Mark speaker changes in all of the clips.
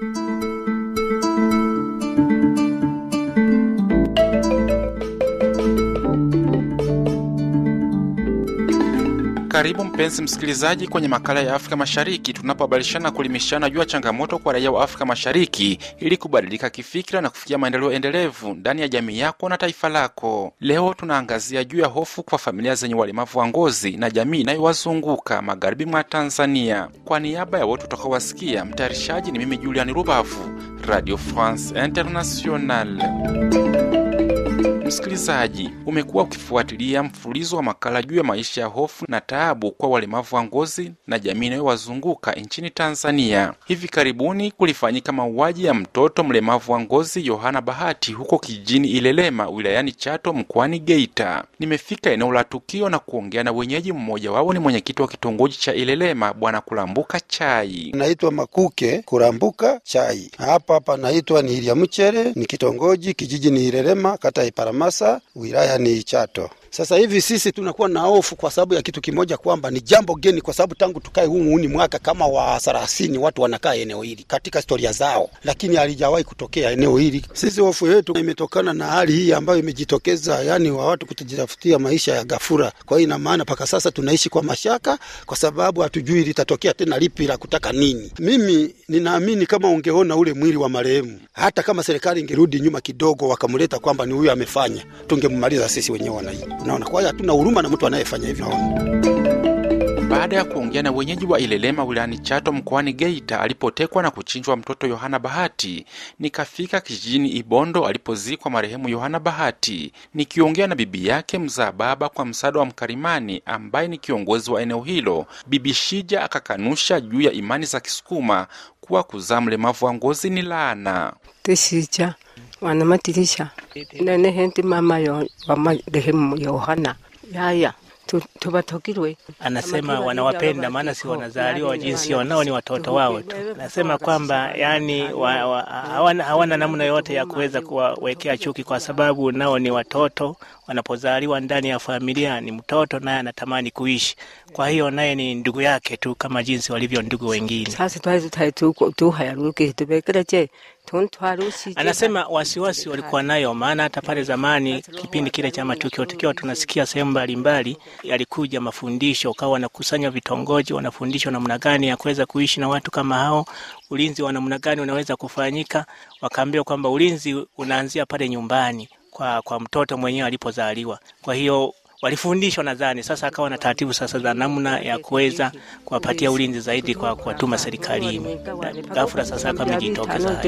Speaker 1: Thank you. Karibu mpenzi msikilizaji kwenye makala ya Afrika Mashariki tunapobadilishana kulimishana juu ya changamoto kwa raia wa Afrika Mashariki ili kubadilika kifikira na kufikia maendeleo endelevu ndani ya jamii yako na taifa lako. Leo tunaangazia juu ya hofu kwa familia zenye walemavu wa ngozi na jamii inayowazunguka magharibi mwa Tanzania. Kwa niaba ya wote utakaowasikia, mtayarishaji ni mimi Julian Rubavu, Radio France Internationale msikilizaji, umekuwa ukifuatilia mfululizo wa makala juu ya maisha ya hofu na taabu kwa walemavu wa ngozi na jamii inayowazunguka nchini Tanzania. Hivi karibuni kulifanyika mauaji ya mtoto mlemavu wa ngozi Yohana Bahati huko kijijini Ilelema wilayani Chato mkoani Geita. Nimefika eneo la tukio na kuongea na wenyeji, mmoja wao ni mwenyekiti wa kitongoji cha Ilelema, Bwana Kulambuka Chai. Naitwa Makuke Kulambuka Chai, hapa hapa naitwa ni iliamchere ni kitongoji kijiji ni Ilelema, kata ya Iparamasa wilaya ni Chato. Sasa hivi sisi tunakuwa na hofu kwa sababu ya kitu kimoja, kwamba ni jambo geni, kwa sababu tangu tukae humu ni mwaka kama wa thelathini watu wanakaa eneo hili katika historia zao, lakini halijawahi kutokea eneo hili. Sisi hofu yetu imetokana na hali hii ambayo imejitokeza, yani wa watu kutajitafutia maisha ya ghafula. Kwa hiyo ina maana mpaka sasa tunaishi kwa mashaka, kwa sababu hatujui litatokea tena lipi la kutaka nini. Mimi ninaamini kama ungeona ule mwili wa marehemu, hata kama serikali ingerudi nyuma kidogo wakamleta kwamba ni huyu amefanya, tungemmaliza sisi wenyewe wananchi. Unaona, kwa hiyo hatuna huruma na mtu anayefanya hivyo. Baada ya kuongea na wenyeji wa Ilelema wilayani Chato mkoani Geita alipotekwa na kuchinjwa mtoto Yohana Bahati, nikafika kijijini Ibondo alipozikwa marehemu Yohana Bahati, nikiongea na bibi yake mzaa baba kwa msaada wa mkarimani ambaye ni kiongozi wa eneo hilo. Bibi Shija akakanusha juu ya imani za Kisukuma kuwa kuzaa mlemavu wa ngozi ni laana.
Speaker 2: Tishija wana matirisha nenehendi mama yo, wama dehemu Yohana yaya tubatokirwe anasema wanawapenda, maana si wanazaliwa wa jinsi wanao, ni watoto wao tu. Anasema kwamba yani wa, wa, hawana, hawana namna yote ya kuweza kuwawekea chuki, kwa sababu nao ni watoto. Wanapozaliwa ndani ya familia ni mtoto, naye anatamani kuishi, kwa hiyo naye ni ndugu yake tu kama jinsi walivyo ndugu wengine. sasa tuhayarukihitubekereche Anasema wasiwasi walikuwa nayo, maana hata pale zamani kipindi kile cha matukio tukiwa tunasikia sehemu mbalimbali, yalikuja mafundisho, ukawa wanakusanya vitongoji, wanafundishwa namna gani ya kuweza kuishi na watu kama hao, ulinzi wa namna gani unaweza kufanyika. Wakaambiwa kwamba ulinzi unaanzia pale nyumbani kwa, kwa mtoto mwenyewe alipozaliwa. Kwa hiyo walifundishwa nadhani. Sasa akawa na taratibu sasa za namna ya kuweza kuwapatia ulinzi zaidi kwa kuwatuma serikalini. Ghafla sasa akamejitokeza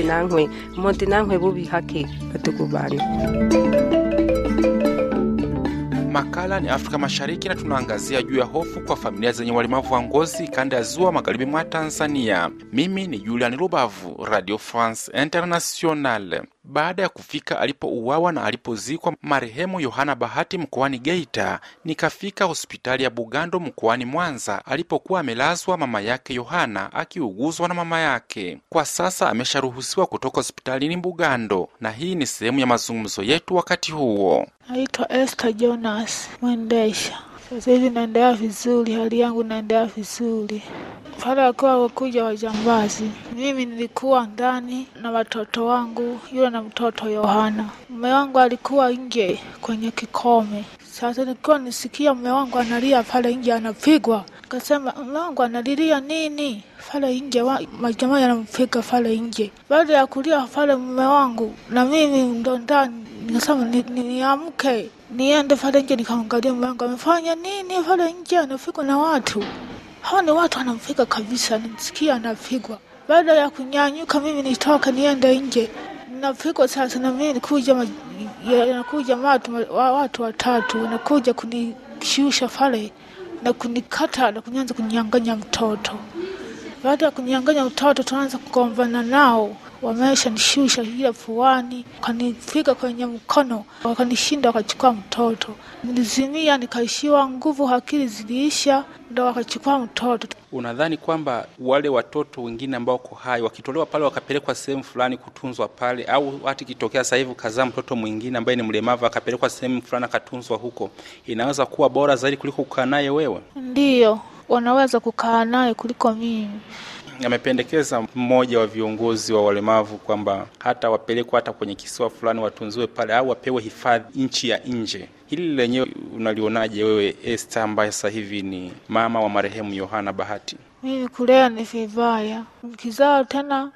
Speaker 1: Makala ni Afrika Mashariki na tunaangazia juu ya hofu kwa familia zenye walemavu wa ngozi kanda ya ziwa magharibi mwa Tanzania. Mimi ni Julian Rubavu, Radio France Internationale. Baada ya kufika alipouawa na alipozikwa marehemu Yohana Bahati mkoani Geita, nikafika hospitali ya Bugando mkoani Mwanza alipokuwa amelazwa mama yake Yohana akiuguzwa na mama yake. Kwa sasa amesharuhusiwa kutoka hospitalini Bugando, na hii ni sehemu ya mazungumzo yetu wakati huo.
Speaker 3: Naitwa Esther Jonas Mwendesha. Sasa hivi naendelea vizuri, hali yangu naendea vizuri. Pale wakiwa wakuja wajambazi, mimi nilikuwa ndani na watoto wangu, yule na mtoto Yohana. Mume wangu alikuwa nje kwenye kikome. Sasa nilikuwa nisikia mume wangu analia pale nje, anapigwa. kasema mume wangu analilia nini pale nje, majamaa yanampiga pale nje. Baada ya kulia pale mume wangu na mimi ndo ndani, nikasema niamke ni, ni niende pale nje nikamwangalia mlango amefanya nini pale nje, anapigwa na watu hawa. Ni watu anamfika kabisa, nimsikia anafigwa. Baada ya kunyanyuka, mimi nitoka niende nje, napigwa sasa na mimi nikuja, nakuja watu, watu watatu wanakuja kunishusha pale na kunikata na kunyanza kunyang'anya mtoto. Baada ya kunyang'anya mtoto, tunaanza kugombana nao wameshanishusha nishusha ya puani, wakanifika kwenye mkono, wakanishinda, wakachukua mtoto. Nilizimia, nikaishiwa nguvu, akili ziliisha, ndo wakachukua mtoto.
Speaker 1: Unadhani kwamba wale watoto wengine ambao wako hai wakitolewa pale wakapelekwa sehemu fulani kutunzwa pale, au hata ikitokea sasa hivi kazaa mtoto mwingine ambaye ni mlemavu akapelekwa sehemu fulani akatunzwa huko, inaweza kuwa bora zaidi kuliko kukaa naye wewe?
Speaker 3: Ndiyo, wanaweza kukaa naye kuliko mimi
Speaker 1: amependekeza mmoja wa viongozi wa walemavu kwamba hata wapelekwa hata kwenye kisiwa fulani watunzwe pale au wapewe hifadhi nchi ya nje. Hili lenyewe unalionaje wewe este ambaye sasa hivi ni mama wa marehemu Yohana Bahati?
Speaker 3: Mimi kulea ni vibaya, kizaa tena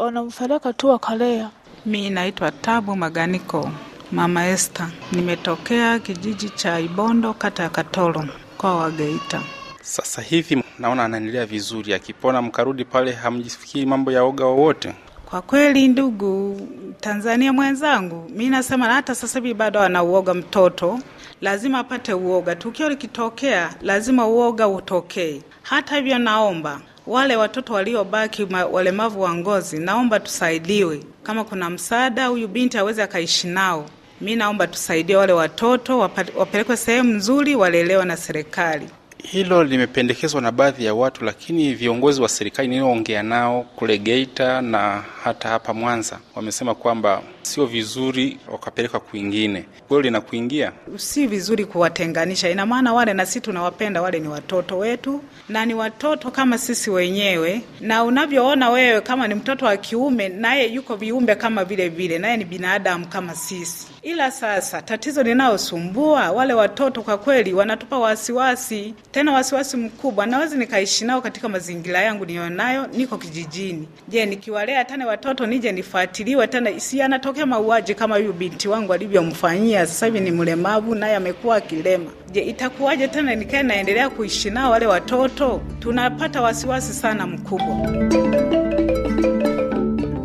Speaker 3: wanampeleka tu wakalea.
Speaker 4: Mi naitwa Tabu Maganiko, mama este nimetokea kijiji cha Ibondo, kata ya Katoro, kwa wa
Speaker 1: Geita. Sasa hivi naona anaendelea vizuri, akipona mkarudi pale, hamjifikii mambo ya oga wowote.
Speaker 4: Kwa kweli, ndugu Tanzania mwenzangu, mi nasema na hata sasa hivi bado anauoga mtoto, lazima apate uoga. Tukio likitokea, lazima uoga utokee. Hata hivyo, naomba wale watoto waliobaki walemavu wa ngozi, naomba tusaidiwe, kama kuna msaada huyu binti aweze akaishi nao. Mi naomba tusaidie wale watoto, wapelekwe sehemu nzuri, walielewa na serikali.
Speaker 1: Hilo limependekezwa na baadhi ya watu, lakini viongozi wa serikali niliyoongea nao kule Geita na hata hapa Mwanza wamesema kwamba sio vizuri wakapeleka kwingine. Kweli linakuingia,
Speaker 4: si vizuri kuwatenganisha. Ina maana wale na sisi tunawapenda wale, ni watoto wetu na ni watoto kama sisi wenyewe, na unavyoona wewe kama ni mtoto wa kiume, naye yuko viumbe kama vile vile, naye ni binadamu kama sisi. Ila sasa tatizo linalosumbua wale watoto kwa kweli wanatupa wasiwasi, tena wasiwasi mkubwa. Nawezi nikaishi nao katika mazingira yangu niyonayo, niko kijijini. Je, nikiwalea tena watoto nije nifuatiliwe tena, si Anatokea mauaji kama huyu binti wangu alivyomfanyia. Sasa hivi ni mlemavu naye amekuwa akilema. Je, itakuwaje tena nikae naendelea kuishi nao wale watoto? Tunapata wasiwasi sana mkubwa.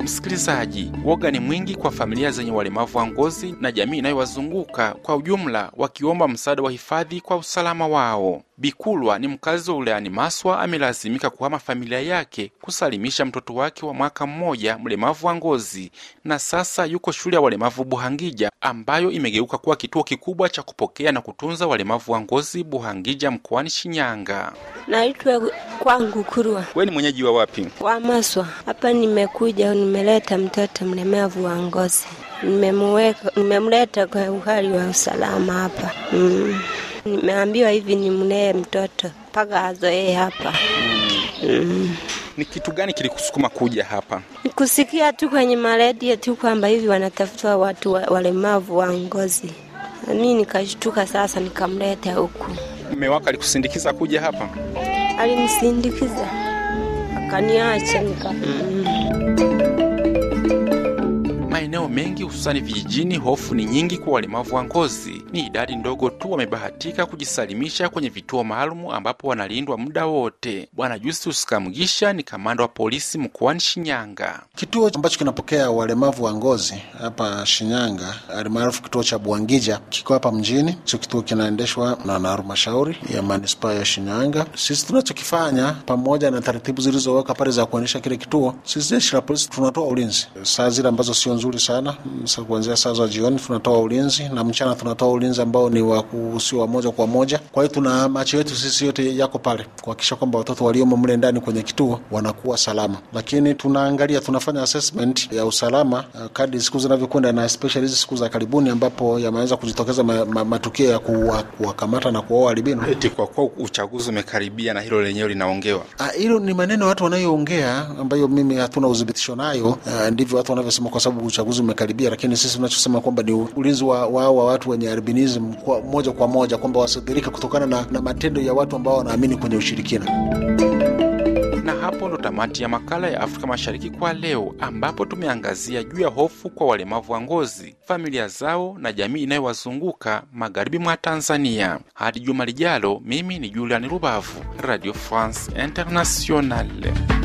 Speaker 1: Msikilizaji, woga ni mwingi kwa familia zenye walemavu wa ngozi na jamii inayowazunguka kwa ujumla, wakiomba msaada wa hifadhi kwa usalama wao. Bikulwa ni mkazi wa wilayani Maswa amelazimika kuhama familia yake kusalimisha mtoto wake wa mwaka mmoja mlemavu wa ngozi, na sasa yuko shule ya walemavu Buhangija ambayo imegeuka kuwa kituo kikubwa cha kupokea na kutunza walemavu wa ngozi Buhangija mkoani Shinyanga. Naitwa kwangu Kurwa. We ni mwenyeji wa wapi? Wa Maswa.
Speaker 4: Hapa nimekuja, nimeleta mtoto mlemavu wa ngozi, nimemleta kwa uhali wa usalama hapa mm. Nimeambiwa hivi ni mnee mtoto mpaka azoee hapa
Speaker 1: mm. Ni kitu gani kilikusukuma kuja hapa?
Speaker 4: kusikia tu kwenye maredio tu kwamba hivi wanatafuta watu walemavu wa ngozi, mi nikashtuka, sasa nikamleta huku.
Speaker 1: mme wako alikusindikiza kuja hapa?
Speaker 4: Alinisindikiza akaniacha nika mm
Speaker 1: maeneo mengi hususani vijijini, hofu ni nyingi kwa walemavu wa ngozi. Ni idadi ndogo tu wamebahatika kujisalimisha kwenye vituo maalum ambapo wanalindwa muda wote. Bwana Justus kamgisha ni kamanda wa polisi mkoani Shinyanga.
Speaker 5: Kituo ambacho kinapokea walemavu wa ngozi hapa Shinyanga alimaarufu kituo cha Bwangija kiko hapa mjini. Hicho kituo kinaendeshwa na halmashauri ya manispaa ya Shinyanga. Sisi tunachokifanya pamoja na taratibu zilizowekwa pale za kuendesha kile kituo, sisi jeshi la polisi tunatoa ulinzi saa zile ambazo sio nzuri vizuri sana sasa. Kuanzia saa za jioni tunatoa ulinzi na mchana tunatoa ulinzi ambao ni wa kuhusiwa moja kwa moja. Kwa hiyo tuna macho yetu sisi yote yako pale kuhakikisha kwamba watoto waliomo mle ndani kwenye kituo wanakuwa salama, lakini tunaangalia, tunafanya assessment ya usalama eh, kadri siku zinavyokwenda na especially hizi siku za karibuni ambapo yameweza kujitokeza ma, ma, matukio ya kuwakamata na kuwaoa albino. Eti
Speaker 1: kwa kuwa uchaguzi umekaribia na hilo lenyewe linaongewa,
Speaker 5: ah, hilo ni maneno watu wanayoongea ambayo mimi hatuna udhibitisho nayo, eh, ndivyo watu wanavyosema kwa sababu uchaguzi uchaguzi umekaribia, lakini sisi tunachosema kwamba ni ulinzi wao wa, wa watu wenye albinism kwa, moja kwa moja kwamba wasidhirika kutokana na, na matendo ya watu ambao wanaamini kwenye ushirikina.
Speaker 1: Na hapo ndo tamati ya makala ya Afrika Mashariki kwa leo, ambapo tumeangazia juu ya hofu kwa walemavu wa ngozi, familia zao na jamii inayowazunguka magharibi mwa Tanzania. Hadi juma lijalo, mimi ni Julian Rubavu, Radio France Internationale.